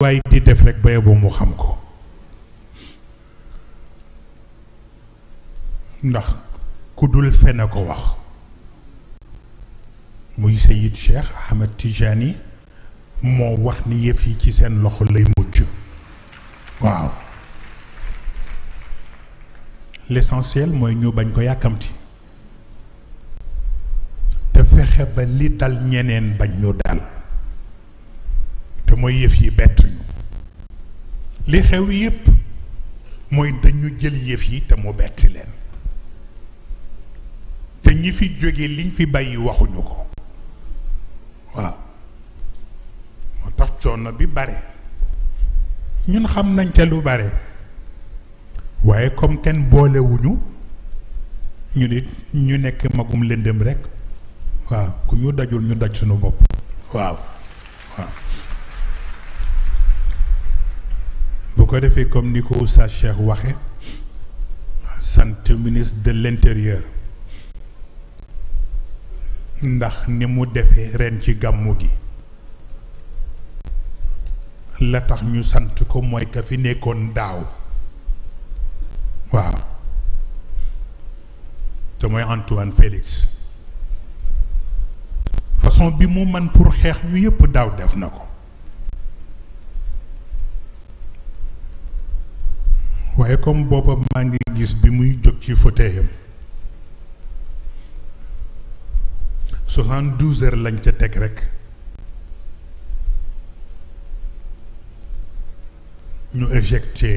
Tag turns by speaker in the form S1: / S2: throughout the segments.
S1: waay di def rek ba yeboo mu xam ko ndax ku dul fen a ko wax muy Seyid Cheikh Ahmed Tijani moo wax ni yëf yi ci seen loxo lay mujj waaw l'essentiel mooy ñu bañ ko yàkkamti te fexe ba li dal ñeneen bañ ñu dal mooy yëf yi bett li xew yépp mooy dañu jël yëf yi te mu betti leen te ñi fi jóge liñ fi bàyyi waxuñu ko waaw moo tax coono bi bare ñun xam nañ te lu bare waaye comme kenn boolewuñu ñu nit ñu nekk magum lëndëm rekk waaw ku ñu dajul ñu daj suñu bopp waaw waaw bu ko defee comme ni ko Oustaz Cheikh waxe sant ministre de l'intérieur ndax ni mu defee reen ci gàmmu gi la tax ñu sant ko mooy ka fi nekkoon daaw waaw te mooy Antoine Félix façon bi mu man pour xeex ñu yëpp daaw def na ko mooy comme booba maa ngi gis bi muy jóg ci fauteuil am soixante douze lañ ca teg rekk ñu éjecté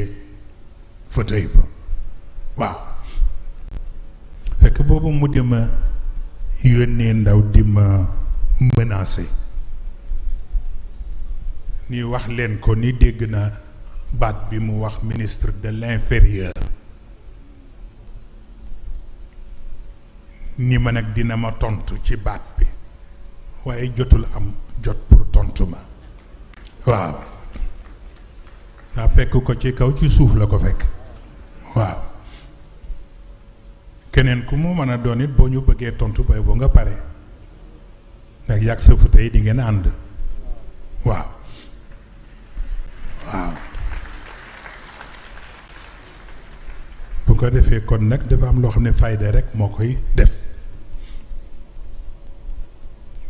S1: fauteuil ba waaw fekk boobu mu di ma yónnee ndaw di ma menacé ni wax leen ko ni dégg naa baat bi mu wax ministre de l'inférieur ni ma nag dina ma tontu ci baat bi waaye jotul am jot pour tontu ma waaw daa fekk ko ci kaw ci suuf la ko fekk waaw keneen ku mu mën a doon it boo ñu bëggee tontu bay boo nga pare ndax yàgg sa fute yi di ngeen ànd waaw ko defee kon nag dafa am loo xam ne fayda rek moo koy def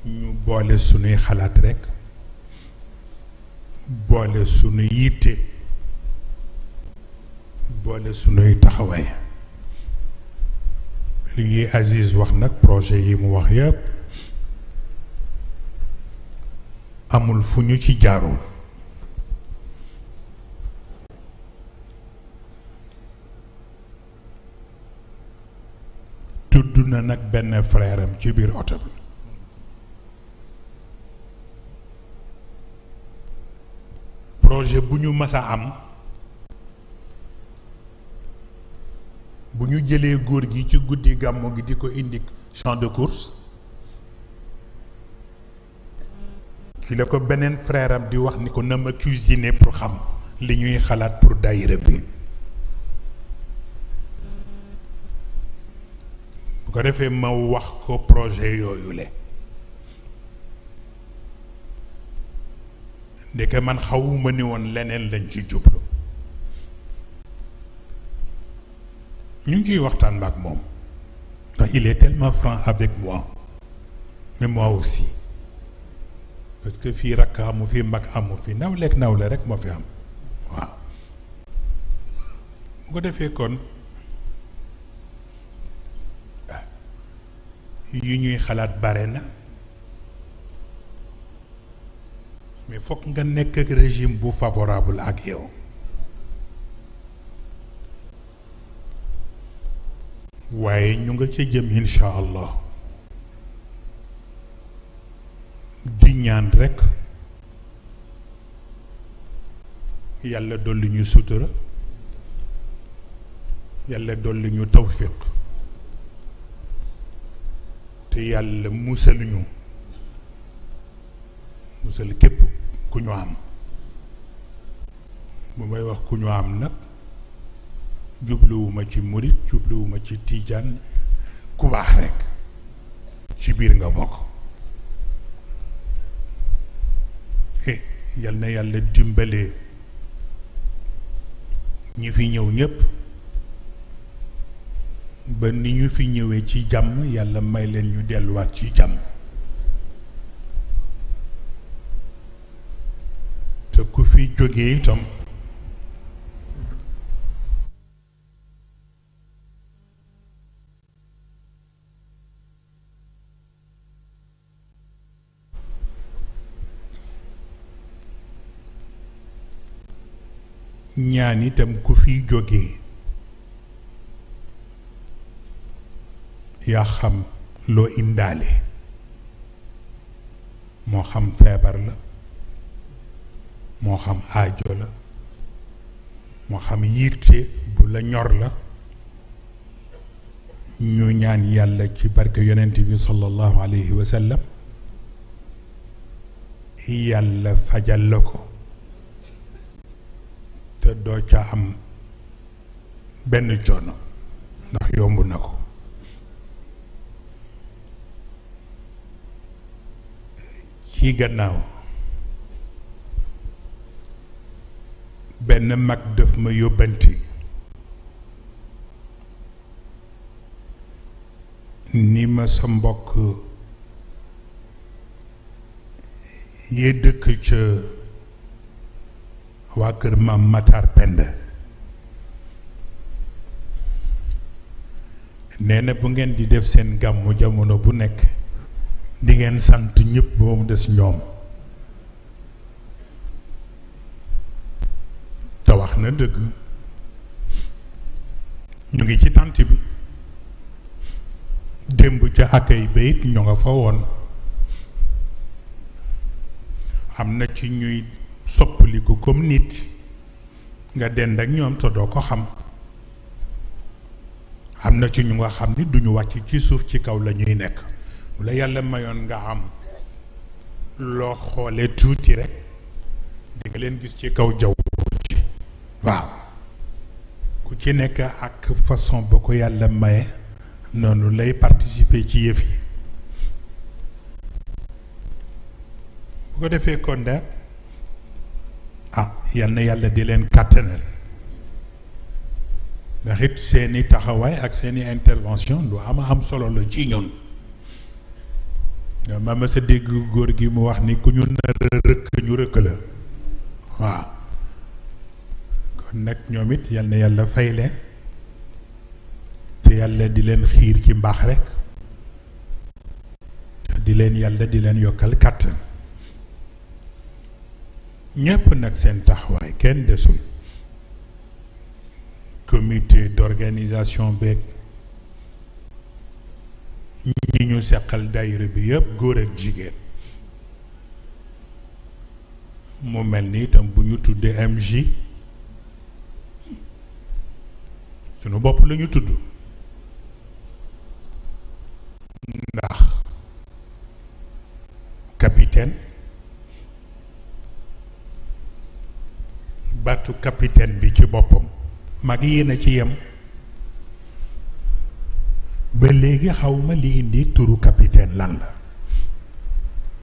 S1: ñu boole sunuy xalaat rek boole sunu yitte boole sunuy taxawaay li Aziz wax nag projet yi mu wax yëpp amul fu ñu ci jaarul dund nag benn frère ci biir oto projet bu ñu mës am bu ñu jëlee góor gi ci guddi gàmmu gi di ko indi champ de course ci ko beneen frère di wax ni ko na ma cuisiner pour xam li ñuy xalaat pour dayre bi bu ko defee ma wax ko projet yooyu le ndeke man xawuma ni woon leneen lañ ci jublu ñu ngi ciy waxtaan ak moom ndax il est tellement franc avec moi mais moi aussi parce que fii rakk amu fii mag amu fi nawleeg nawle rek moo fi am waaw bu ko defee kon yu ñuy xalaat bare na mais fokk nga nekk régime bu favorable ak yow waaye ñu nga ca jëm incha allah di ñaan rekk yàlla dolli ñu sutura yàlla li ñu tawfiq yàlla musaluñu musal képp ku ñu am bu may wax ku ñu am nag jubluwuma ci murit jubluwuma ci tiijaan ku rekk ci biir nga bokk eh, yal na yàlla dimbale ñi fi ñëw ñépp ba ni ñu fi ñëwee ci jàmm yàlla may leen ñu delluwaat ci jàmm te ku fi jógee itam ñaan ku fi jógee yaa xam loo indaale moo xam feebar la moo xam aajo la moo xam yitte bu la ñor la ñu ñaan yàlla ci barke yonent bi sallallahu alayhi wa yàlla fajal la ko te doo ca am benn coono ndax yomb na ko ci gannaaw benn mag daf ma yóbbanti ni ma sa mbokk yee dëkk ca waa kër maam Matar Penda nee bu ngeen di def seen gàmmu jamono bu nekk di ngeen sant ñëpp ba des ñoom te wax na dëgg ñu ngi ci tant bi démb ca akay bayit ñu nga fa woon am na ci ñuy soppaliku comme nit nga dend ak ñoom te doo ko xam am na ci ñu nga xam ni duñu wàcc ci suuf ci kaw la ñuy nekk bu la yàlla mayoon nga am loo xoolee tuuti rek di nga leen gis ci kaw jaww waaw ku ci nekk ak façon ba ko yàlla maye noonu lay participer ci yëf yi bu ko defee kon de ah yal na yàlla di leen kàttanal ndax it seeni taxawaay ak seeni intervention lu ama am solo la ci ñun ma sa dégg góor gi mu wax ni ku ñu nar rëkk ñu rëkk la waaw kon nag ñoom it yal na yàlla fay leen te yàlla di leen xiir ci mbaax rek di leen yàlla di leen yokkal kàttan ñépp nag seen taxawaay kenn desul comité d'organisation beeg ñi ñu seqal dayre bi yëpp góor ak jigéen mu mel ni itam bu ñu tuddee MJ sunu bopp la ñu tudd ndax capitaine baatu capitaine bi ci boppam mag yéen a ci yem ba léegi xaw li indi turu capitaine lan la